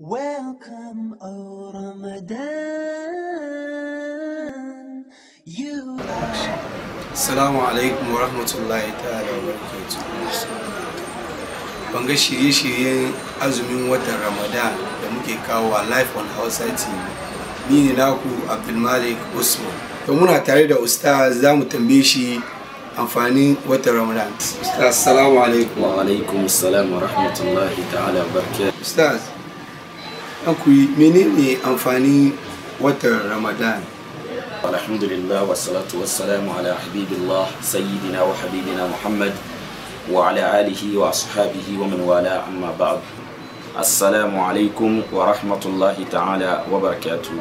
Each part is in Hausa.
Welcome, O Ramadan. You are. Assalamu alaikum wa rahmatullahi ta'ala wa barakatuh. Banga shirye-shiryen azumin watan Ramadan da muke kawo a Life on Hausa TV. Ni ne naku Abdulmalik Usman. To muna tare da Ustaz za mu tambaye shi amfanin watan Ramadan. Ustaz, assalamu alaikum. Wa alaikum assalam wa rahmatullahi ta'ala wa barakatuh. Ustaz, ku yi menene amfani watan ramadan alhamdulillah wassalatu wassalamu ala habibillah sayyidina wa habibina muhammad wa ala alihi wa ashabihi wa man wala amma ba'd assalamu alaikum wa rahmatullahi ta'ala wa barakatuh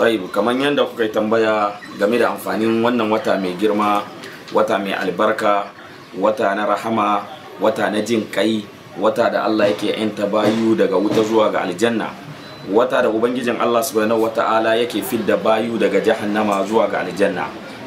Taibu, kamar yadda kuka yi tambaya game da amfanin wannan wata mai girma, wata mai albarka, wata na rahama, wata na jin kai wata da Allah yake yanta bayu daga wuta zuwa ga aljanna wata da ubangijin Allah subhanahu wata'ala yake fidda bayu daga jahannama zuwa ga aljanna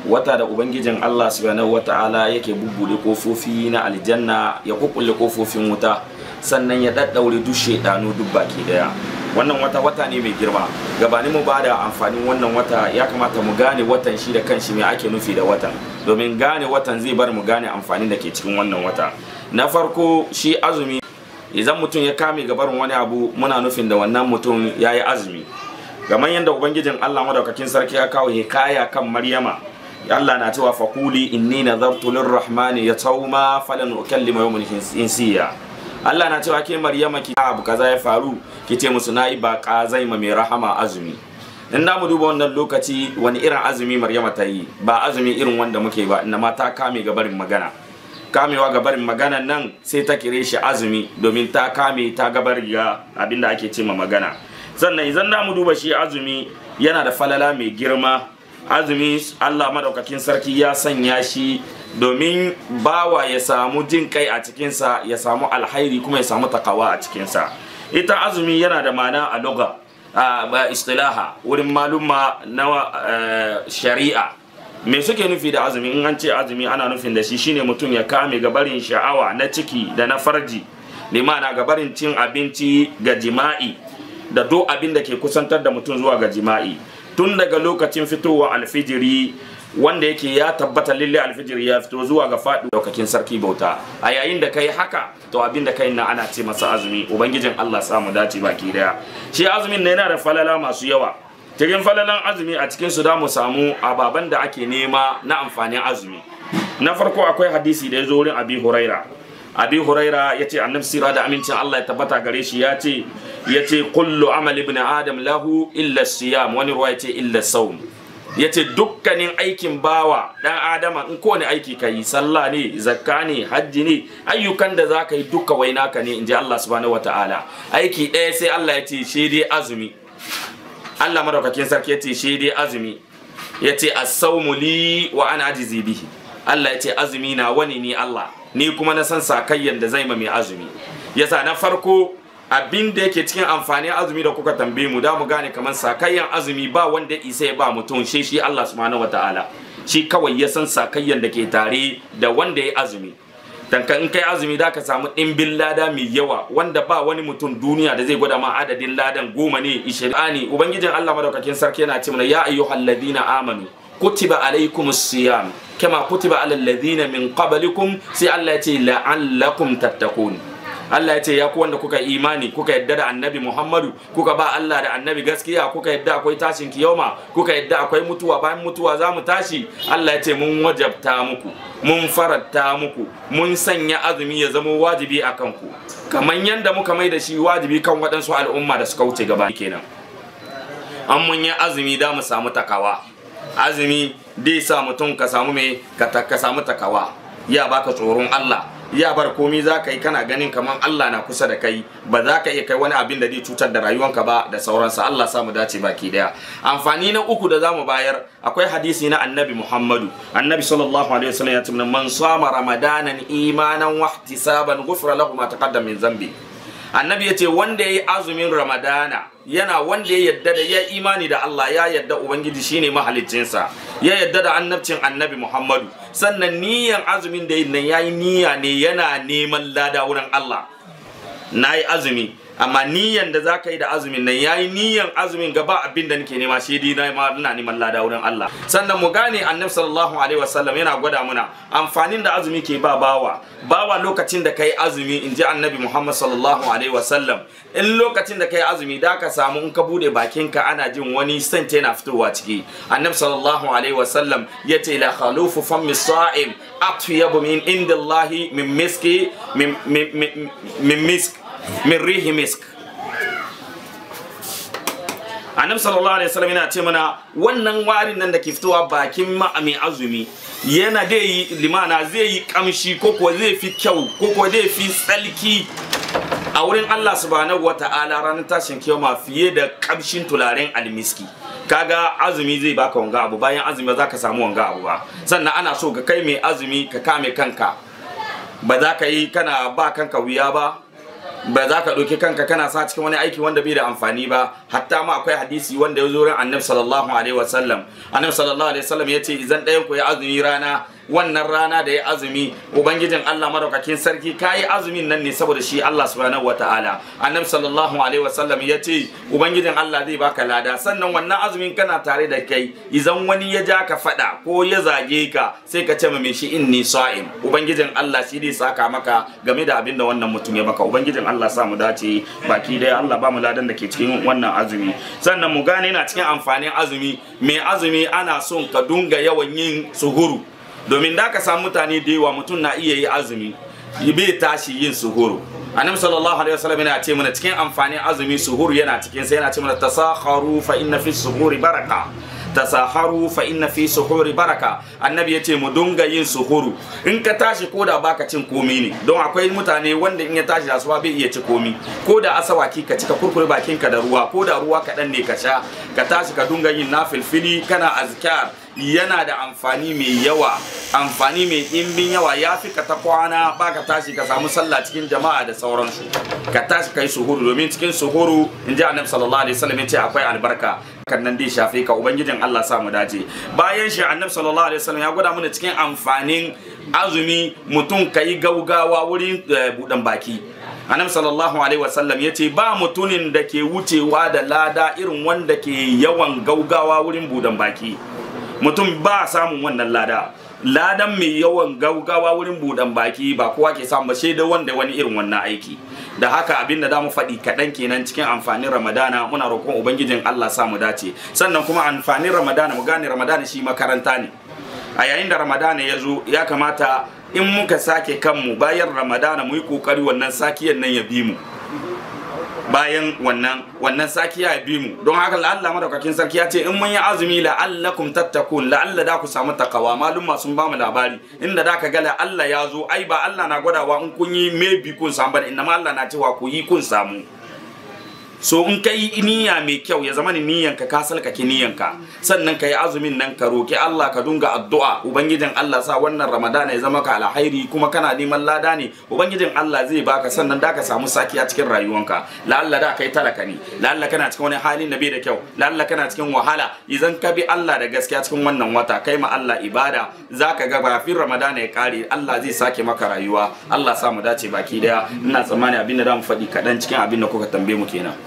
wata da ubangijin Allah subhanahu wata'ala yake bubbude kofofi na aljanna ya kukulle kofofin wuta sannan ya daddaure duk shedanu duk baki daya wannan wata wata ne mai girma gabanin mu ba da amfanin wannan wata ya kamata mu gane watan shi da kanshi me ake nufi da watan domin gane watan zai bar mu gane amfani da ke cikin wannan wata na farko shi azumi idan mutum ya kame barin wani abu muna nufin da wannan mutum ya yi azumi gaman yadda ubangijin allah madaukakin sarki ya kawo hikaya kan maryama Allah na cewa fakuli inni na zartu lirrahmani ya tauma falan ukallima yawmin insiya Allah na cewa ke Maryama ki abu kaza ya faru ki ce musu nayi ba zai ma mai rahama azumi in da mu duba wannan lokaci wani irin azumi maryama ta yi ba azumi irin wanda muke ba inda ma ta kame ga barin magana kamewa ga barin magana nan sai ta kire shi azumi domin ta kame ta gabar ga abin da ake ce magana sannan idan da mu duba shi azumi yana da falala mai girma azumi Allah madaukakin sarki ya sanya shi domin bawa ya samu jin kai a cikinsa ya samu alhairi kuma ya samu takawa a cikinsa ita azumi yana da ma'ana a lugha Ah, ba istilaha wurin maluma na eh, shari'a me suke nufi da azumi in an ce azumi ana nufin da shi shine mutum ya kame gabarin sha'awa na ciki da na farji limana gabarin cin abinci ga jima'i da duk abin da ke kusantar da mutum zuwa ga jima'i tun daga lokacin fitowa alfijiri wanda yake ya tabbata lille alfijiri ya fito zuwa ga faɗi daukakin sarki bauta a yayin da kai haka to abin da kai na ana ce masa azumi ubangijin Allah samu dace baki daya shi azumin ne yana da falala masu yawa cikin falalan azumi a cikin su da mu samu ababan da ake nema na amfanin azumi na farko akwai hadisi da ya zo wurin abi huraira abi huraira ya ce a sira da amincin allah ya tabbata gare shi ya ce ya ce kullu amal ibn adam lahu illa siyam wani ruwa ya ce illa saum ya ce dukkanin aikin bawa dan adama in kowane aiki ka yi sallah ne zakka ne hajji ne ayyukan da za ka yi duka wai naka ne in ji allah subhanahu ta'ala aiki ɗaya sai allah ya ce shi dai azumi allah madaukakin sarki ya ce shi dai azumi ya ce as sawmu li wa ana ajizi bihi allah ya ce azumi na wani ni allah ni kuma na san sakayyan da zai ma mai azumi yasa na farko abin da yake cikin amfanin azumi da kuka tambaye mu da mu gane kamar sakayyan azumi ba wanda isa ya ba mutum shi shi Allah subhanahu wataala shi kawai ya san sakayyan da ke tare da wanda ya azumi dan ka in kai azumi da ka samu ɗimbin lada mai yawa wanda ba wani mutum duniya da zai gwada ma adadin ladan goma ne ishirin ubangijin Allah madaukakin sarki yana ce mana ya ladina amanu kutiba alaikum siyam kama kutiba ala alladhina min qablikum sai Allah ya ce lakum tattaqun Allah ya ce ya ku wanda kuka imani kuka yadda da annabi Muhammadu kuka ba Allah da annabi gaskiya kuka yadda akwai tashin kiyama kuka yadda akwai mutuwa bayan mutuwa za mu tashi Allah ya ce mun wajabta muku mun faranta muku mun sanya azumi ya zama wajibi a kanku kamar yadda muka mai da shi wajibi kan waɗansu al'umma da suka wuce gaba kenan an mun yi azumi da mu samu takawa azumi bai sa mutum ka samu mai ka samu takawa ya baka tsoron Allah ya bar komi za ka yi kana ganin kamar Allah na kusa da kai ba za ka iya kai wani abin da zai cutar da rayuwanka ba da sauransa Allah samu dace baki daya amfani na uku da zamu bayar akwai hadisi na annabi Muhammadu annabi sallallahu alaihi wasallam ya ce man sama ramadanan imanan wahtisaban ghufra lahu ma taqaddama min zambi annabi ya ce wanda ya yi azumin ramadana yana wanda ya yadda da ya imani da Allah ya yadda ubangiji shi ne mahaliccinsa ya yadda da annabcin annabi muhammadu sannan niyan azumin da nan ya yi niyya ne yana neman lada wurin Allah na yi azumi amma niyan da zaka yi da azumin nan yayi niyan azumin gaba abin da nake nema shi dai ma ina neman lada wurin Allah sannan mu gane annabi sallallahu alaihi wasallam yana gwada muna amfanin da azumi ke ba bawa bawa lokacin da kai azumi in ji annabi Muhammad sallallahu alaihi wasallam in lokacin da kai azumi da ka samu in ka bude bakinka ana jin wani sante yana fitowa ciki annabi sallallahu alaihi wasallam yace la khalufu fammi sa'im atyabu min indallahi min miski min min rihi misk annabi sallallahu alaihi wasallam yana ce mana wannan warin nan da ke fitowa bakin mai azumi yana da yi limana zai yi kamshi ko kuwa zai fi kyau ko kuwa zai fi tsalki a wurin Allah subhanahu wata'ala ranar tashin kiyama fiye da kamshin tularen almiski kaga azumi zai baka wanga abu bayan azumi za ka samu wanga abu ba sannan ana so ka kai mai azumi ka kame kanka ba za ka yi kana ba kanka wuya ba ba za ka ɗauki kanka kana sa cikin wani aiki wanda bai da amfani ba hatta ma akwai hadisi wanda ya zo ran annabi sallallahu alaihi wasallam annabi sallallahu alaihi wasallam ya ce idan ɗayan ku ya azumi rana wannan rana da ya azumi ubangijin Allah madaukakin sarki kayi azumin nan ne saboda shi Allah subhanahu wataala annabi sallallahu alaihi wasallam ya ce ubangijin Allah zai baka lada sannan wannan azumin kana tare da kai idan wani ya ja ka fada ko ya zage ka sai ka ce mai shi inni sa'im ubangijin Allah shi zai saka maka game da abin da wannan mutum ya maka ubangijin Allah sa mu dace baki dai Allah ba mu ladan da ke cikin wannan azumi sannan mu gane na cikin amfanin azumi mai azumi ana son ka dunga yawan yin suhuru domin da ka samu mutane da yawa mutum na iya yi azumi bai tashi yin suhuru annabi sallallahu alaihi wasallam yana ce mana cikin amfanin azumi suhuru yana cikin sai yana ce mana tasakharu fa inna fi suhuri baraka tasaharu fa inna fi suhuri baraka annabi yace mu dunga yin suhuru in ka tashi koda baka cin komi ne don akwai mutane wanda in ya tashi asuba bai iya ci komi ko da asawaki ka cika kurkure bakin ka da ruwa ko da ruwa kaɗan ne ka sha ka tashi ka dunga yin nafilfili kana azkar yana da amfani mai yawa amfani mai ɗimbin yawa ya fi ka ta kwana Baka tashi ka samu sallah cikin jama'a da sauransu ka tashi ka yi suhuru domin cikin suhuru in ji annabi sallallahu alaihi wasallam ya ce akwai albarka kan nan dai shafe ka ubangijin Allah sa mu dace bayan shi annabi sallallahu alaihi wasallam ya gwada mana cikin amfanin azumi mutum kai gaugawa wurin eh, budan baki annabi sallallahu alaihi wasallam yace ba mutumin da ke wucewa da lada irin wanda ke yawan gaugawa wurin budan baki mutum ba samun wannan lada ladan mai yawan gaugawa wurin budan baki ba kowa ke samu sai da wanda wani irin wannan aiki da haka abin da zamu faɗi kaɗan kenan cikin amfanin ramadana muna roƙon ubangijin allah sa mu dace sannan kuma amfanin ramadana mu gane ramadana shi makaranta ne a yayin da ramadana ya zo ya kamata in muka sake kanmu bayan ramadana mu yi ƙoƙari wannan sakiyan nan ya bi mu bayan wannan wannan saki ya bi mu don haka Allah madaukakin sarki ya ce in mun yi azumi la allakum tattakun la da ku samu takawa malumma sun ba mu labari inda da ka ga la Allah ya zo ai ba Allah na gwadawa in kun yi maybe kun samu ba inna Allah na cewa ku yi kun samu so in kai niyya mai kyau ya zama niyyan ka ka niyyan ka sannan ka yi azumin nan ka roki Allah ka dunga addu'a ubangijin Allah sa wannan ramadana ya zama ka alhairi kuma kana neman lada ne ubangijin Allah zai baka sannan da ka samu saki a cikin rayuwanka la Allah da kai talaka ne la Allah kana cikin wani halin da bai da kyau la Allah kana cikin wahala idan ka bi Allah da gaskiya cikin wannan wata kai ma Allah ibada zaka ga bafin ramadana ya kare Allah zai sake maka rayuwa Allah sa mu dace baki daya ina tsammani abin da mu faɗi kaɗan cikin abin da kuka tambaye mu kenan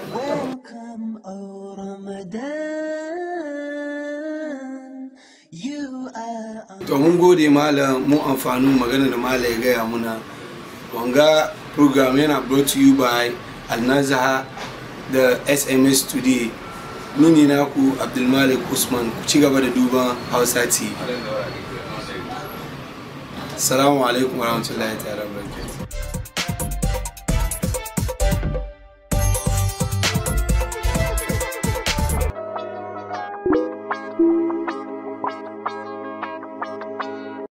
to mun gode malam mu amfanu magana da malam ya gaya muna wanga program yana brought to you by alnazaha da sms today nini naku abdulmalik usman ku ci gaba da duban hausa tv salamu alaikum warahmatullahi ta'ala barakatuh